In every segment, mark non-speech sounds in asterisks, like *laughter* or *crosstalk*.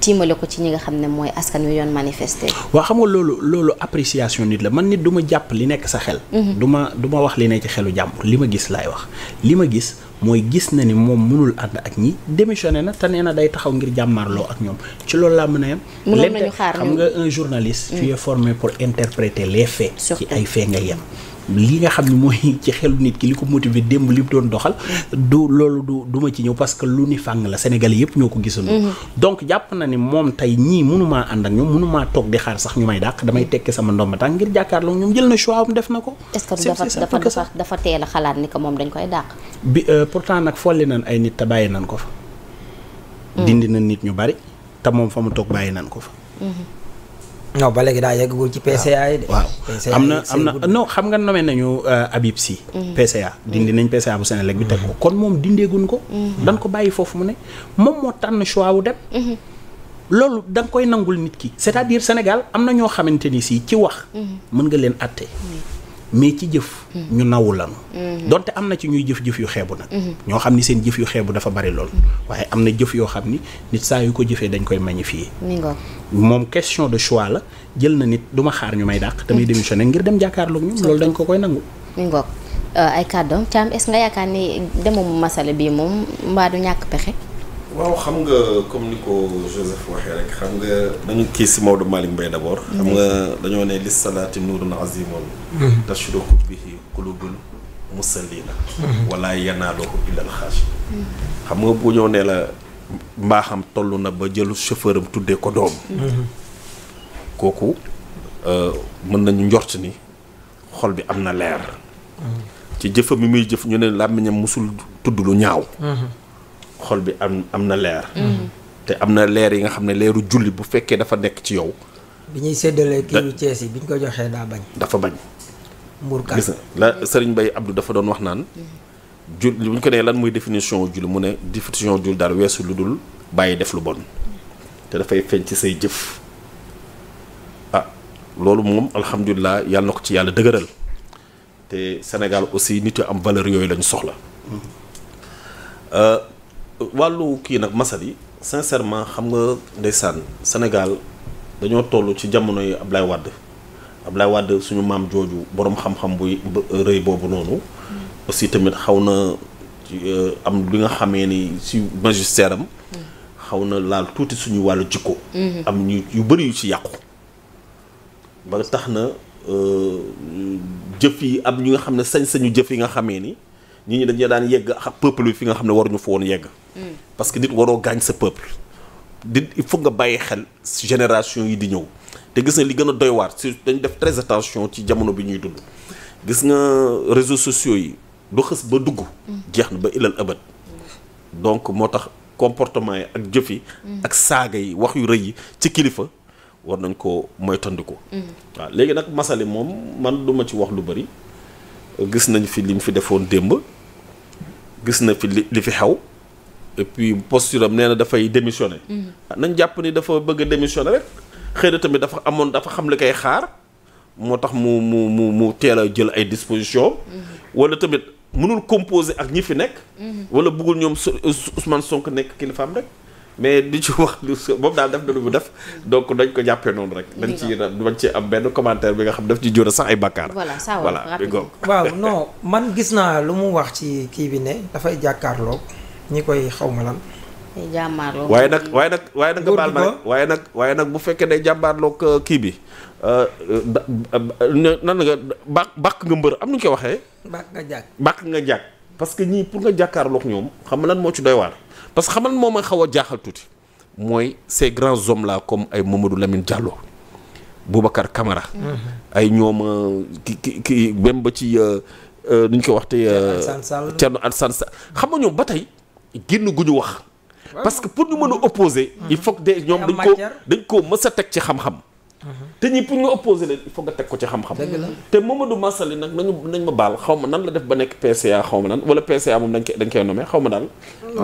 tiimale ko ci ñi nga xam ne mooy askan wi yoon manifester. waaw xam nga loolu loolu appréciation nit la man nit duma jàpp li nekk sa xel. Mhm. du ma du ma wax li ne ci xelu jàmbur li ma gis laay wax li ma gis. mooy gis na ni moom mënul ànd ak ñi démissionné na te nee na day taxaw ngir jàmmaarloo ak ñoom ci loolu laa mën a yem. mënoon nañu xaar xam nga un journaliste. tu mm. es formé pour interpréter les faits. ci ay faits ngay yem. li nga xam ne mooy ci xelu nit ki li ko motiver démb li doon doxal du loolu du du ma ci ñëw parce que lu ni fàng la Sénégalais yëpp ñoo ko gisandoo mhm. donc jàpp na ne moom tey ñii mënumaa ànd ak ñoom mënumaa toog di xaar sax ñu may dàq damay tekki sama ndomba tànk ngir jàkkaarloo ñoom jël na choix am na ko est-ce que dafa dafa dafa teel a xalaat ni que moom dañ koy dàq bi euh, pourtant nag folli nan ay nit te bàyyi ko fa mhm. dindi na nit ñu bari te moom fa mu toog bàyyi nan ko fa mhm. non ba léegi daa yeggagul ci PCA yi de. waaw am na am na non xam nga nommé nañu euh, Habib Sy. Mhm. PCA dindi nañ PCA bu Sénélec bi teg ko kon moom dindeeguñ ko. Mhm. dañ ko bàyyi foofu mu ne moom moo tànn choix wu dem. Mhm. loolu da nga koy nangul nit ki. cest à am na ñoo xamante si ci wax. mën nga leen àtte. mais ci jëf mm-hmm. ñu nawu lanu mm-hmm. donte am na ci ñuy jëf-jëf yu xeebu nag mm-hmm. ñoo xam ni seen jëf yu xeebu dafa bari lool waaye am na jëf yoo xam ni nit saa yu ko jëfee dañ koy fii magnifier moom question de choix la jël na nit du ma xaar ñu may dàq damay démissionné ngir dem jàkkaarloog ñun loolu dañ ko koy nangu euh, ay kàddoom Thiam est-ce nga yaakaar ni demamu masale bii moom mbaa du ñàkk pexe waaw xam nga comme ni ko Joseph waxee rek xam nga dañu kii si Maodo Malick Mbaye d' abord. xam nga dañoo ne li salaati nuurun azimun tashruq bihi qulubul musallina wala yanaaluhu illal xaashin xam nga bu ñëw nee la mbaaxam toll na ba jëlu chauffeur am tuddee ko doom. kooku euh, mën nañu njort ni xol bi am na leer. ci jëfam bi muy jëf ñu ne làmmiñam mosul tudd lu ñaaw. xol bi am am na leer. Mm. Mm. te am na leer yi nga xam ne leeru julli bu fekkee dafa nekk ci yow. bi ñuy séddalee kii yu Cees yi bi ñu ko joxee daa bañ. dafa bañ. mbuurkat gis na la Serigne Baye Abdou dafa doon wax naan. jul bu ñu ko nee lan muy définition julli mu ne définition jul dara weesu lu dul bàyyi def lu bon. te dafay feeñ ci say jëf. ah loolu moom alhamdulilah yàlla na ko ci yàlla dëgëral. te Sénégal aussi nit yu am valeur yooyu lañu soxla. Mm. Euh, wàllu kii nag masal yi sincèrement xam nga ndeysaan Sénégal dañoo toll ci jamono yi Ablaye Wade Ablaye wàdd suñu maam jooju boroom xam-xam buy rëy boobu noonu. aussi tamit xaw na euh, am li nga xamee ni si magistère am. xaw na laal tuuti suñu wàllu jikko. Mm-hmm. am ñu yu bëri yu ci yàqu. ba tax na euh, jëf yi am ñu nga xam ne sañ-sañu jëf yi nga xamee ni. nit ñi dañu daan yegg peuple bi fi nga xam ne waruñu fa woon yegg. Mm. parce que nit waroo gaañ sa peuple. di il faut nga bàyyi xel génération yi di ñëw te gis nga li gën a doy waat si dañu def très attention ci jamono bi ñuy dund. gis nga réseaux sociaux yi du xës ba dugg. Mm. jeex na ba ilal ëbët. donc moo tax comportement yi ak jëf mm. ak saaga yi wax yu rëy yi ci kilifa. war nañ ko moytandiku. léegi nag masali moom man du ma ci wax lu bëri. gis nañ fi mu fi defoon démb gis na fi li li fi xew et puis posture am nee na dafay démissionné. Mm-hmm. nañ jàpp ni dafa bëgg a rek xëy na tamit dafa amoon dafa xam la koy xaar moo tax mu mu mu mu teel a jël ay dispositions. Mm-hmm. wala tamit mënul composer ak ñi fi nekk. Mm-hmm. wala bëggul ñoom Ousmane Sonko nekk kilifaam rek. mais di ci wax lu moom daal def na lu mu def donc dañ ko jàppee noonu rek. dañ ci dañ ci am benn commentaire bi nga xam daf ci jóor sax ay bàkkaar. voilà ça voilà waaw non man gis naa lu mu wax ci kii bi ne dafay jàkkaarlook ñi koy xaw ma lan. waaye nag waaye nag waaye nag nga ma waaye nag waaye nag bu fekkee day jàmbaarloog euh, kii bi nan nga bàq bàq nga mbër am nañu koy waxee. bàq nga jàkk bàq nga jàkk parce que ñii pour nga jàkkaarloog ñoom xam lan moo ci doy waar. parce que xamal moo ma xaw a jaaxal tuuti mooy ces grands hommes là comme ay Mamadou Lamine Diallo Boubacar Camara. Mm-hmm. ay ñoom euh, ki ki ki même ba ci euh, euh, nu ñu ko wax te. Thierno Alassane xam nga ñoom ba tey génn gu ñu wax. parce que pour ñu mën a opposer. il faut de ñoom dañ ko dañ koo mës a teg ci xam-xam. te ñi pour nga opposé leen il nga teg ko ci xam-xam te Mamadou Massaly nag nañu ma baal xaw ma nan la def ba nekk PCA xaw ma nan wala PCA moom dañ koy dañ koy nommé xaw ma daal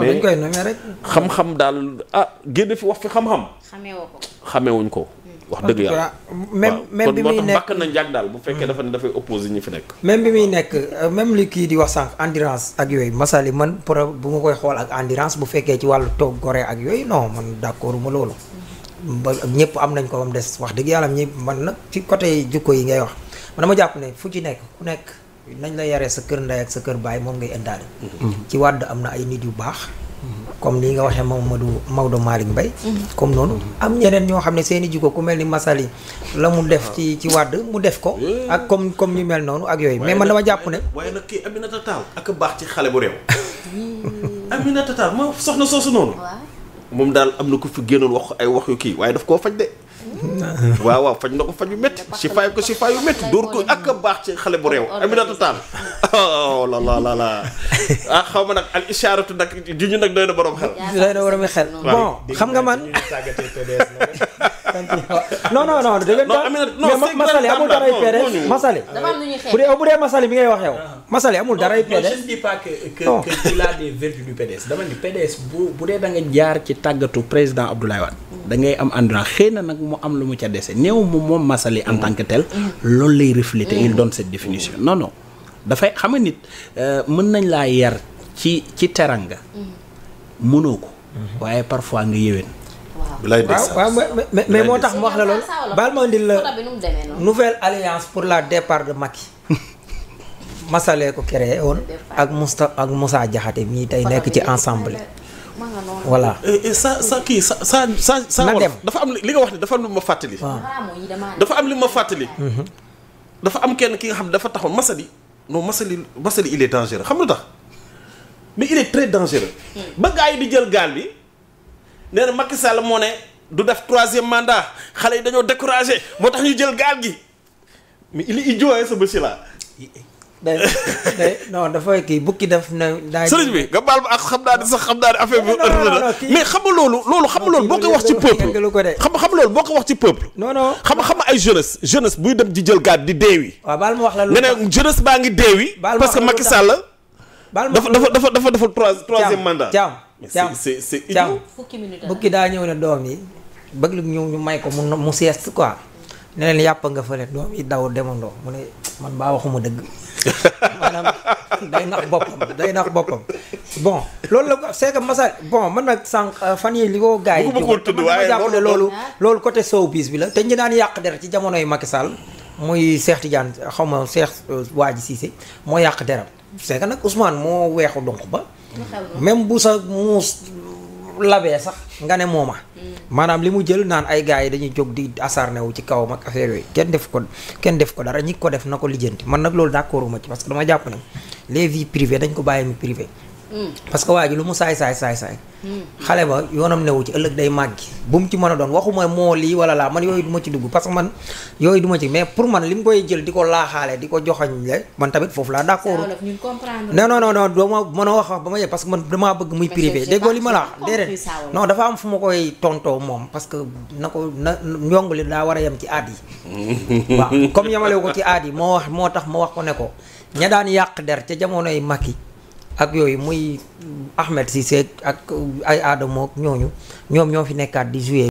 mais dañ koy nommé rek xam-xam daal ah génn fi wax fi xam-xam xameewoo ko xameewuñ ko wax dëgg yàlla même même bi muy nekk kon na daal bu fekkee hmm. dafa ne dafay opposé fi nekk même bi muy nekk euh, même li kii di wax sànq endurance ak yooyu Massaly man pour bu ma koy xool ak bu fekkee ci wàllu toog gore ak yooyu non man d'accord ma loolu ba ñëpp am nañ ko am des wax dëgg yàlla ñi man nag ci côté jukko yi ngay wax man dama jàpp ne fu ci nekk ku nekk nañ la yaree sa kër ndey ak sa kër baay moom ngay indaale. Mhm. ci wàdd am na ay nit yu baax. Mhm. comme li nga waxee Mamadou Maodo Malick Mbaye mhm. comme noonu am ñeneen ñoo xam ne seen i jikko ku mel ni Masali la mu def ah. ci ci mu def ko ak comme comme ñu mel noonu ak yooyu mais man dama jàpp ne waaye nag kii Aminata Tall ak baax ci xale bu réew *laughs* Aminata Tall moo soxna soosu noonu moom daal am na ko fi génnoon wax ay wax yu kii waaye daf koo faj de. waaw waaw faj na ko faj yu métti. si faay ko si faay yu métti dóor ko ak a baax ci xale bu réew. Aminata Tall oh la la la ah xaw ma nag al ishaaratu nag di ñu nag doy na borom xel. doy na borom xel bon xam nga man. non non non dégg nga. bi ngay wax yow. amul daray PDS. non a des jaar ci tàggatu président Abdoulaye Wade. da ngay am endurance xëy na nag mu am lu mu ca dese néew mu moom Massaly en tant que tel. loolu lay refléter il donne dafay xam nit euh, mën nañ laa yar ci ci teranga mm. mënoo ko. Mm-hmm. waaye parfois nga yéwén. bilaay waaw mais mais moo tax ma wax la loolu. baal ma indil la nouvelle alliance pour la départ ma Macky. *laughs* Masalee ko créé woon ak Moussa ak Moussa Diakhaté mii tey nekk ci ensemble. voilà. sa sa kii sa sa sa sa wolof dafa am li nga wax ne dafa am lu ma fàttali. dafa am li ma fàttali. dafa am kenn ki nga xam ne dafa taxaw Massaly non Massaly Massaly il est dangereux xam nga tax mais il est très dangereux. Hmm. ba gaa jël gaal bi. nee na Macky Sall moo ne du def troisième mandat xale yi dañoo découragé moo tax ñu jël gaal gi mais il est idiot ce monsieur là. day day non dafay kii bukki def na. daay sëriñ bi nga baal ma ak xam naa sax xam naa ne affaire bi. mais xam nga loolu. loolu xam loolu boo ko wax ci peuple. xam xam loolu boo ko wax ci peuple. non non xam xam ay jeunesse jeunesse buy dem di jël gaat di deewi. waaw baal ma wax la lu nga ne jeunesse baa ngi deewi. parce que Macky Sall. baal ma dafa dafa dafa dafa troisième mandat. jaam càmm c'est c'est idiot bukki daa ñëw ne doom yi bëgg lu ñu may ko mu mu sieste quoi ne leen yàpp nga fële doom yi daw demandoo mu ne man baa waxuma dëgg *laughs* maanaam day nax boppam day nax boppam bon loolu la ko c'est que bon man nag sànq euh, fan yii li ko gars yi. bëgg tudd waaye jàpp ne loolu. loolu côté showbiz bi la te ñu daan yàq der ci jamonoy Macky Sall muy Cheikh xaw ma Cheikh euh, Wadji Cissé moo yàq deram c'est nag Ousmane moo weexu donc ba. même bu sa muus labee sax nga ne mooma hmm. maanaam li mu jël naan ay gaa yi dañuy jóg di asarne wu ci kawam ak affaire yooyu kenn def ko kenn def ko dara ñi ko def na ko lijjanti man nag loolu d'accorduma ci parce que dama jàpp ne les vies privées dañ ko bàyyi mu privé Mm. parce que waa ji lu mu saay saay saay saay. Mm. xale ba yoonam newu ci ëllëg day màggi bu mu ci mën a doon waxuma moo lii wala laa man yooyu duma ci dugg parce que man yooyu duma ci mais pour man li mu koy jël di ko laaxaale di ko joxañ le man tamit foofu laa d'accord non non non non a wax ba ma yegg parce que man damaa bëgg muy privé déggoo li ma la wax déedéet non dafa am fu ma koy tontoo moom parce que na ko na njong li daa war a yem ci aad yi *laughs* waaw comme yemalewu ko ci aad yi moo wax moo tax ma wax ko ne ko ña daan yàq der ca jamonoy Macky ak yooyu muy Ahmed Cissé ak ay Adamo ak ñooñu ñoom ñoo fi nekkaat di jouer